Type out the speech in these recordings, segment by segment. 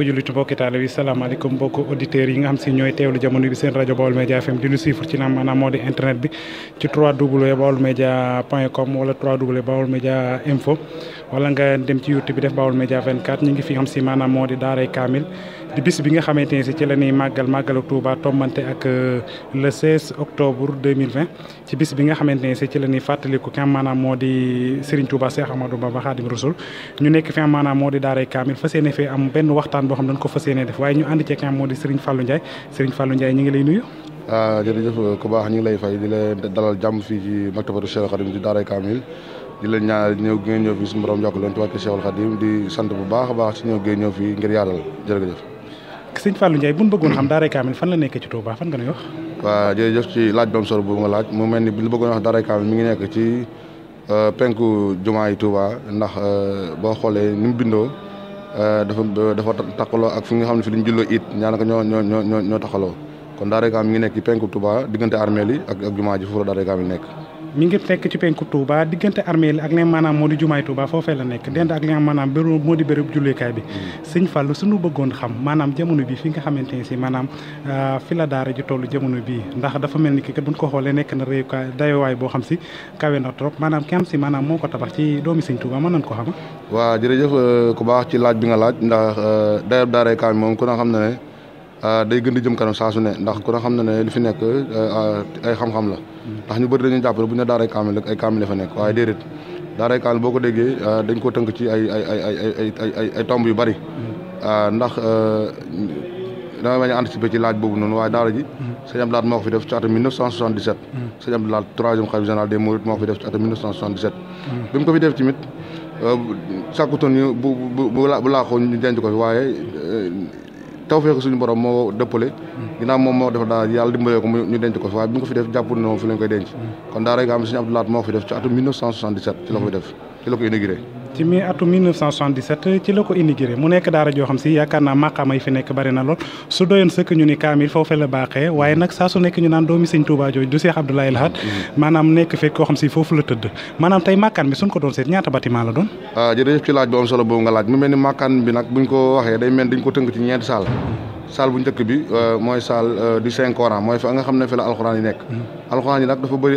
mbokku jullitu mbokki taalibe bi salaamaaleykum mbokku auditeurs yi nga xam si ñooy teewlu jamono bi seen rajo Baol Média FM di lu ci naam maanaam moo di internet bi ci 3w baolmedia point com wala 3w Baol Média info wala nga dem ci youtube bi def Baol Média 24 ñu ngi fi xam si maanaam moo di daaray kaamil di bis bi nga xamante ne si ci la ñuy màggal màggalu Touba tombante ak euh, le 16 octobre ci bis bi nga xamante ne si ci la ñuy fàttaliku kam maanaam moo di Serigne Touba Cheikh Amadou ñu nekk fi maanaam moo di daaray kaamil fas yéene fee xam dañ ko fas yéene def waaye ñu ànd ci ngi lay nuyu. Ah, jërëjëf ku ñu ngi lay fay di la dalal jàmm fii ci maktabatu Cheikh Khadim di daaray kaamil di leen ñaanal ñëw gi ngeen ñëw sant bu baax a baax ci ñëw gi ngeen ñëw fii ngir yaatal jërëjëf sëñ Fallou Ndiaye bu ñu bëggoon xam daaray kaamil fan la nekkee ci Touba fan nga ñuy wax. waaw jërëjëf ci laaj bam solo bu nga laaj mu mel ni bu ñu bëggoon wax daaray kaamil mi ngi nekk ci euh, penku jumaa yi ndax euh, boo xoolee ni mu bindoo euh, dafa dafa takkaloo ak fi nga xam ne fi lañ julloo it ñaan ko ñoo ñoo ñoo ñoo takkaloo kon daaray kaamil mi ngi nekk ci penku Touba diggante armeel yi ak jumaa ji foofu la daaray kaamil nekk. mi ngi fekk ci penku Touba diggante armée li ak li maanaam moo di jumaay Touba foofee la nekk dend ak li maanaam béru moo di béréb julleekaay bi sëñ Fallou suñu bëggoon xam maanaam jamono bi fi nga xamante ne si maanaam euh, fi la daara ji toll jamono bii ndax dafa mel ni ki kat buñ ko xoolee nekk na réyukaay dayowaay boo xam si kawe na trop maanaam kenn si maanaam moo ko tabax ci doomi sëñ Touba mën nañ ko waa waaw jërëjëf euh, ku baax ci laaj bi nga laaj ndax euh, dayob daara kaam moom ku na xam Euh, day gën di jëm kanam saa su ne ndax ku ne xam na ne li fi nekk euh, ay xam-xam la ndax ñu bëri dañuy jàpp ne bu ñu daaray kaamil rek ay kaamil fa nekk waaye déedéet daaray kaamil boo ko déggee euh, dañ koo tënk ci ay ay ay ay ay ay tomb yu bari ndax dama bañ a anticiper ci laaj boobu noonu waaye daara ji sëñ Abdou moo ko fi def ci atum 1977 sëñ Abdou Lahad troisième xalifa général des Mourides moo ko fi def ci atum 1977 bi mu ko fi def tamit sàkkutoon ñu bu bu laaxoo ñu denc ko fi waaye taw tawfeex suñu borom moo dëppale ginnaaw moom moo def daara yàlla dimbalee ko ñu denc ko waaye bi ñu ko fi def jàppul ne moom fi lañ koy denc mm. kon daara yi nga suñu Abdou moo ko fi def ci atum 1977 ci la fi def ci la ko inauguré. ci mi atum 1977 ci la ko inauguré mu nekk daara joo xam si yaakaar naa maqaama yi fi nekk bari na lool su doyoon sëkk ni kaamil foofu la baaxee waaye nag saa su nekk ñu naan doomi sëñ Touba jooju du Cheikh Abdoulaye Lahat maanaam nekk fekk koo xam si foofu la tëdd maanaam tey màkkaan bi suñ ko doon seet ñaata bâtiment la doon ah jërëjëf ci laaj bu am solo boobu nga laaj mu mel ni bi nag buñ ko waxee euh, euh, nga xam ne fi la alxuraan yi mm-hmm.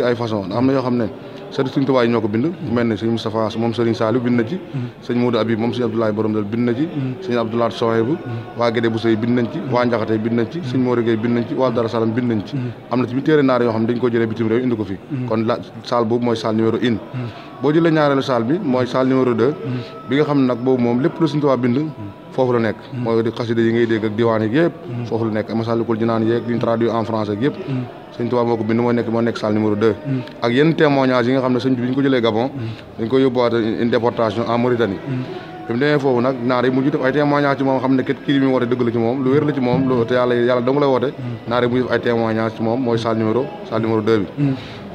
ay façon am na yoo xam ne sëriñ Sëriñ Tuubaa yi ñoo ko bind bu mel ne sëriñ Moustapha moom sëriñ Saliou bind na ci sëriñ Modou Habib moom sëriñ Abdoulaye Borom Dal bind na ci sëriñ Abdoulaye Sohaybu waa Gédé bu sëy bind nañ ci waa Njaxate bind nañ ci sëriñ Mor bind nañ ci waa Dara Salam bind nañ ci am na ci bi téere naar yoo xam dañ ko jëlee bitim réew indi ko fii kon la boobu mooy salle numéro une boo jëlee ñaareelu salle bi mooy salle numéro deux bi nga xam nag boobu moom foofu la nekk mm. mooy di xasida yi ngay dégg ak diwaan yi yëpp mm. foofu la nekk Masaalikul Jinaan yeeg yuñ traduit en français ak yëpp mm. sëñ Tuubaa moo ko bind moo nekk moo ak yenn témoignage yi nga xam ne sëñ bi ko jëlee Gabon dañ ko yóbbuwaat une déportation en Mauritanie bi def ay témoignage moom xam ne kii li muy woote dëgg la ci moom lu wér ci moom lu te yàlla yàlla dong woote naar yi mujj def ay témoignage moom mooy salle numéro salle numéro 2 bi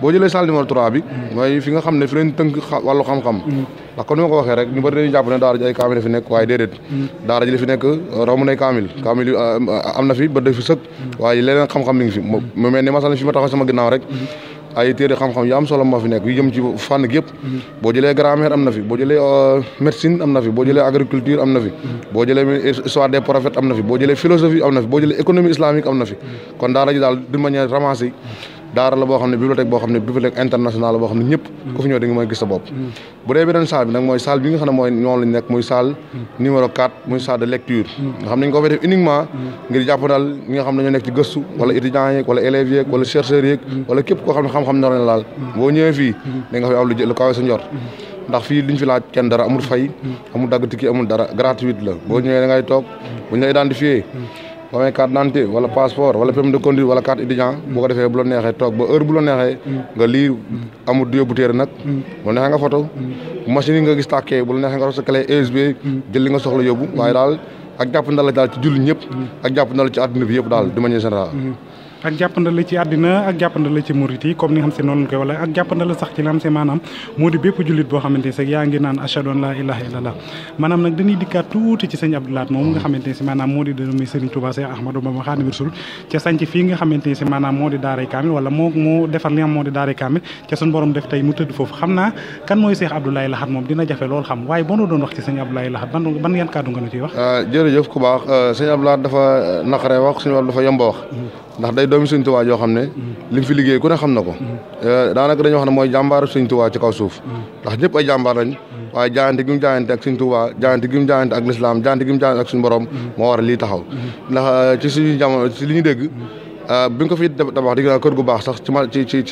boo jëlee salle numéro bi mm. mooy fi nga xam ne fi leen tënk wàllu xam-xam mm. ndax ko waxee rek ñu bëri jàpp ne daara ji ay fi nekk waaye déedéet mm. daara ji li fi nekk raw mu nay kaamil am na fi ba def fi sëkk waaye leneen xam-xam mi ngi fi mu mel ne masal fi ma taxaw sama ginnaaw rek ay téere xam-xam yu am solo moo fi nekk yu ci fànn gi yëpp boo jëlee grammaire am na fi boo jëlee euh, médecine am na fi boo jëlee agriculture am na fi boo jëlee histoire des prophètes na fi boo jëlee philosophie am na fi boo jëlee économie islamique am na fi kon daara ji daal d'une manière ramassée daara la boo xam ne bibliothèque boo ne bibliothèque internationale la boo xam ne ñëpp ku fi ñëw da nga mën gis sa bu dee ne mooy nekk muy salle numéro 4 muy salle de nga xam ne ko fay def uniquement ngir jàppandal ñi nga xam ne ñoo nekk ci gëstu wala étudiants yeeg wala élèves yeeg wala chercheurs yeeg wala képp koo xam ne xam-xam na la boo ñëwee fii da nga fay am lu lu kawe sa ndax fii liñ fi laaj kenn dara amul fay amul dagg tikki amul dara gratuite la boo ñëwee da ngay toog bu ñu lay identifié boo amee carte wala passeport wala permis de conduire wala carte étudiant boo ko defee bu la neexee toog ba heure bu la neexee nga lii amul du yóbbu téere nag bu la neexee nga photo machine yi nga gis tàkkee bu la neexee nga rox sa clé jël li nga soxla yóbbu waaye daal ak jàpp ndal la daal ci jullit ñëpp ak jàpp ndal ci àdduna bi yëpp daal de manière générale ak jàppandal la ci àddina ak jàppandal la ci murit yi comme ni nga xam se noonu koy wala ak jàppandal la sax ci xam se maanaam moo di bépp jullit boo xamante ne sax yaa laa ilaaha si maanaam moo di daaray kaamil wala moo moo defar li moo di daaray kaamil ca suñu borom def tey mu tëdd foofu xam naa kan mooy Seex Abdou Lahad moom dina jafe lool xam waaye bonu doon wax ci sëñ Abdou Lahad ban yan kàddu nga nu ciy wax ah, jërëjëf ku baax ah, sëñ dafa eh, naqaree wax suñu wàll dafa yomb wax mm-hmm. ndax day doomi Sëñ Tuubaa yoo xam ne li fi liggéey ku ne xam na ko eh, daanaka dañuy wax ne mooy jàmbaaru Sëñ Tuubaa ci kaw suuf ndax ñëpp a jàmbaar lañ waaye jaayante gi mu jaayante ak Sëñ Tuubaa jaayante gi mu jaayante ak lislaam jaayante gi mu ak suñu borom moo war a lii taxaw ndax eh, ci suñu jamono ci li ñu dégg Euh, bi nga ko fi tabax di kër gu baax sax ci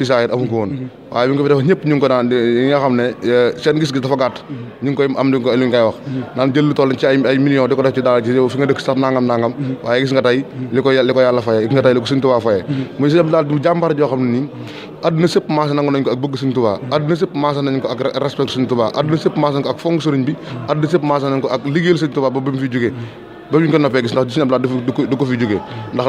saayir amu ko mm-hmm. waaye bi nga ko fi def ñëpp ñu ngi ko daan yi nga xam ne euh, seen gis-gis dafa gàtt mm-hmm. ñu am mm-hmm. lu nga dëkk sax nangam faye muy si daal du jàmbaar xam ne nii sëpp maasa nangu nañ ko ak bëgg Sëñ Tuubaa adduna sëpp maasa nañ ko ak fonk sëriñ bi adduna sëpp maasa nañ ko ak liggéeyal Sëñ Tuubaa ba fi jógee ba ñu ko noppee gis ndax Sëñ Abdou Lahad du fi jógee ndax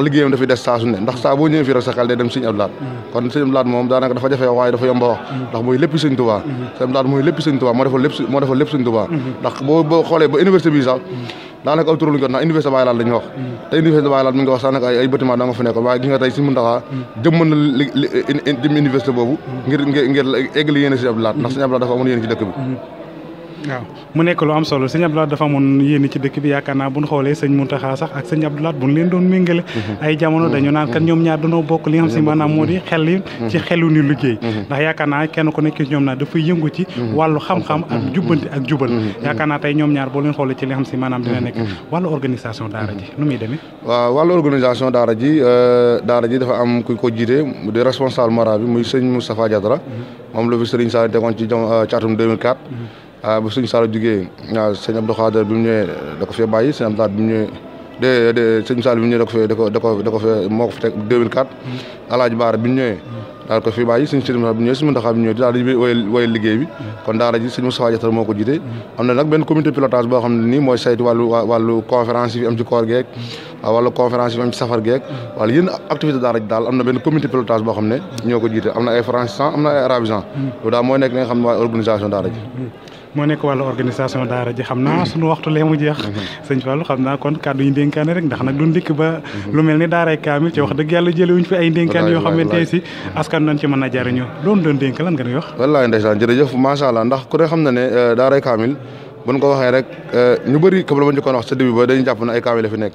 ne ndax saa boo ñëwee fi rek sa xel dem Sëñ Abdou Lahad kon Sëñ Abdou Lahad moom daanaka dafa dafa yomb a wax ndax mooy lépp Sëñ Tuubaa Sëñ Abdou Lahad mooy lépp Sëñ Tuubaa moo defal lépp université bi sax daanaka aw tur luñu ko ndax université Baye Laal fa nekkoon waaye gis na dim université boobu ci dëkk bi waaw mu nekk lu am solo sëñ Abdou Lahad dafa amoon yéen ci dëkk bi yaakaar naa bu ñu xoolee sëñ Mountakha sax ak sëñ Abdou Lahad bu ñu leen doon méngale mhm. ay jamono mhm. dañu naan kat ñoom ñaar dañoo bokk li nga xam si mhm. maanaam moo di xel yi ci xelu ni liggéey ndax yaakaar naa kenn ku nekk ñoom naa dafay yëngu ci wàllu xam-xam ak jubbanti ak jubal yaakaar naa tey ñoom ñaar boo leen xoolee ci li xam si maanaam dina nekk wàllu organisation daara ji nu muy demee waaw wàllu organisation daara ji euh, daara ji dafa am ku ko jiite di responsable moral bi muy sëñ Moustapha Diadara moom la fi sëriñ Sall tegoon Ah, bu sëñ Saliou jugee ah, sëñ Abdou Khader bi mu ñëwee da ko fee bàyyi sëñ Abdou Khader bi mu ñëwee de de sëñ Saliou bi mu ñëwee da ko fee da ko da ko da moo ko hmm. ñëwee. daal ko fi bàyyi suñ sëñ Moustapha kon daara ji moo ko jiite hmm. am na nag benn comité pilotage boo xam ne nii mooy saytu wàllu wàllu conférence yi am ci koor geek hmm. wàllu conférence yi am ci safar daal am na benn comité pilotage boo xam ne ñoo ko jiite am na ay francisants am na ay arabisants daal mooy nekk li nga xam ne mooy organisation daara ji moo nekk wàllu organisation daara ji xam naa suñu waxtu lee mu jeex mhm. sëñ Fallou xam naa kon kàddu yi dénkaane rek ndax nag du ndikk ba mhm. lu mel ni daaray kaamil ci wax dëgg yàlla jëlewuñ fi ay dénkaan yoo xamante si askan doon ci mën a jariñoo loolu doon dénk lan nga ñuy wax wallaay ndeysaan jërëjëf macha allah ndax ku ne xam na ne euh, daaray kaamil buñ ko waxee rek euh, ñu bari comme la ma njëkkoon wax sa début ba dañu jàpp na ay kaamil la fi nekk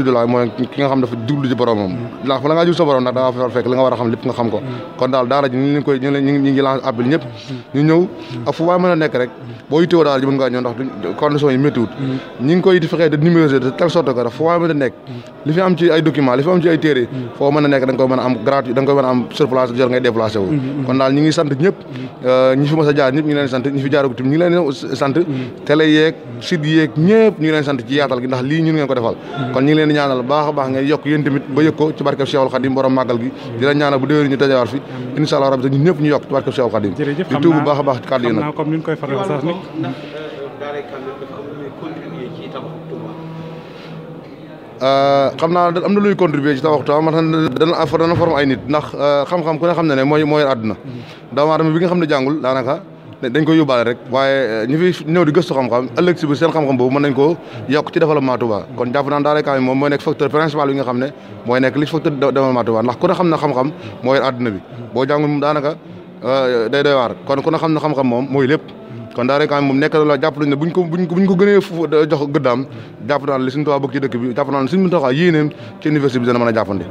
alhamdulilah mooy ki nga xam la ngaa jublu sa borom nag da ngaa fa a xam ñu ñëw ak fu waay mën a nekk rek boo yittewoo daara ji condition yi méttiwut ñi koy di fexee de numériser de telle sorte da daal ñi sant ñëpp euh, ñi fi jaar ñëpp ñu leen sant leen sant télé yeeg site yeeg ñëpp ñu leen sant ci yaatal ndax lii ñun ngeen ko defal kon leen di ñaanal baax a baax ngeen yokk yéen tamit ba yëg ko ci barkeb Cheikhul Khadim borom màggal gi di la ñaanal bu déwénee ñu dajawaat fi incha allah rabbi ñun ñëpp ñu yokk ci baax a baax ci kàddu yi euh, am luy contribuer ci tabax Tuubaa man dana dana ay nit ndax euh, xam-xam ku ne xam ne ne mooy mooy àdduna doomu aadama bi nga xam ne jàngul daanaka dañ koy yóbbaale rek waaye eh, ñu fi ñëw di gëstu xam-xam ëllëg si biir seen xam-xam boobu mën nañ ko yokk ci développement Touba kon jàpp naa daara kaamil moom mooy nekk facteur principal bi nga xam ne mooy xam na xam moom eh, kon ku ne moom mooy lépp kon daara kaamil nekk na la jàpp nañ ne buñ ko buñ ko buñ ko gënee ci dëkk bi jàpp a jàppandi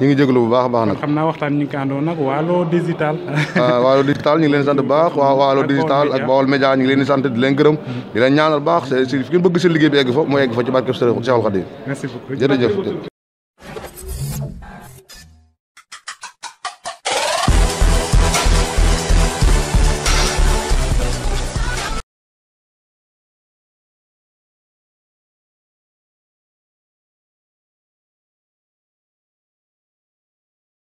ñu ngi jégalu bu baax baax nag. xam naa waxtaan ñu ngi ko àndoon nag Waalo Digital. Ah, Waalo Digital ñu leen di sant baax waa Waalo Digital ak Baol Média ñu leen sant di leen gërëm. di leen ñaanal baax si fi ngeen bëgg seen liggéey bi egg fa mu egg fa ci barke Seexul Xadiim. merci beaucoup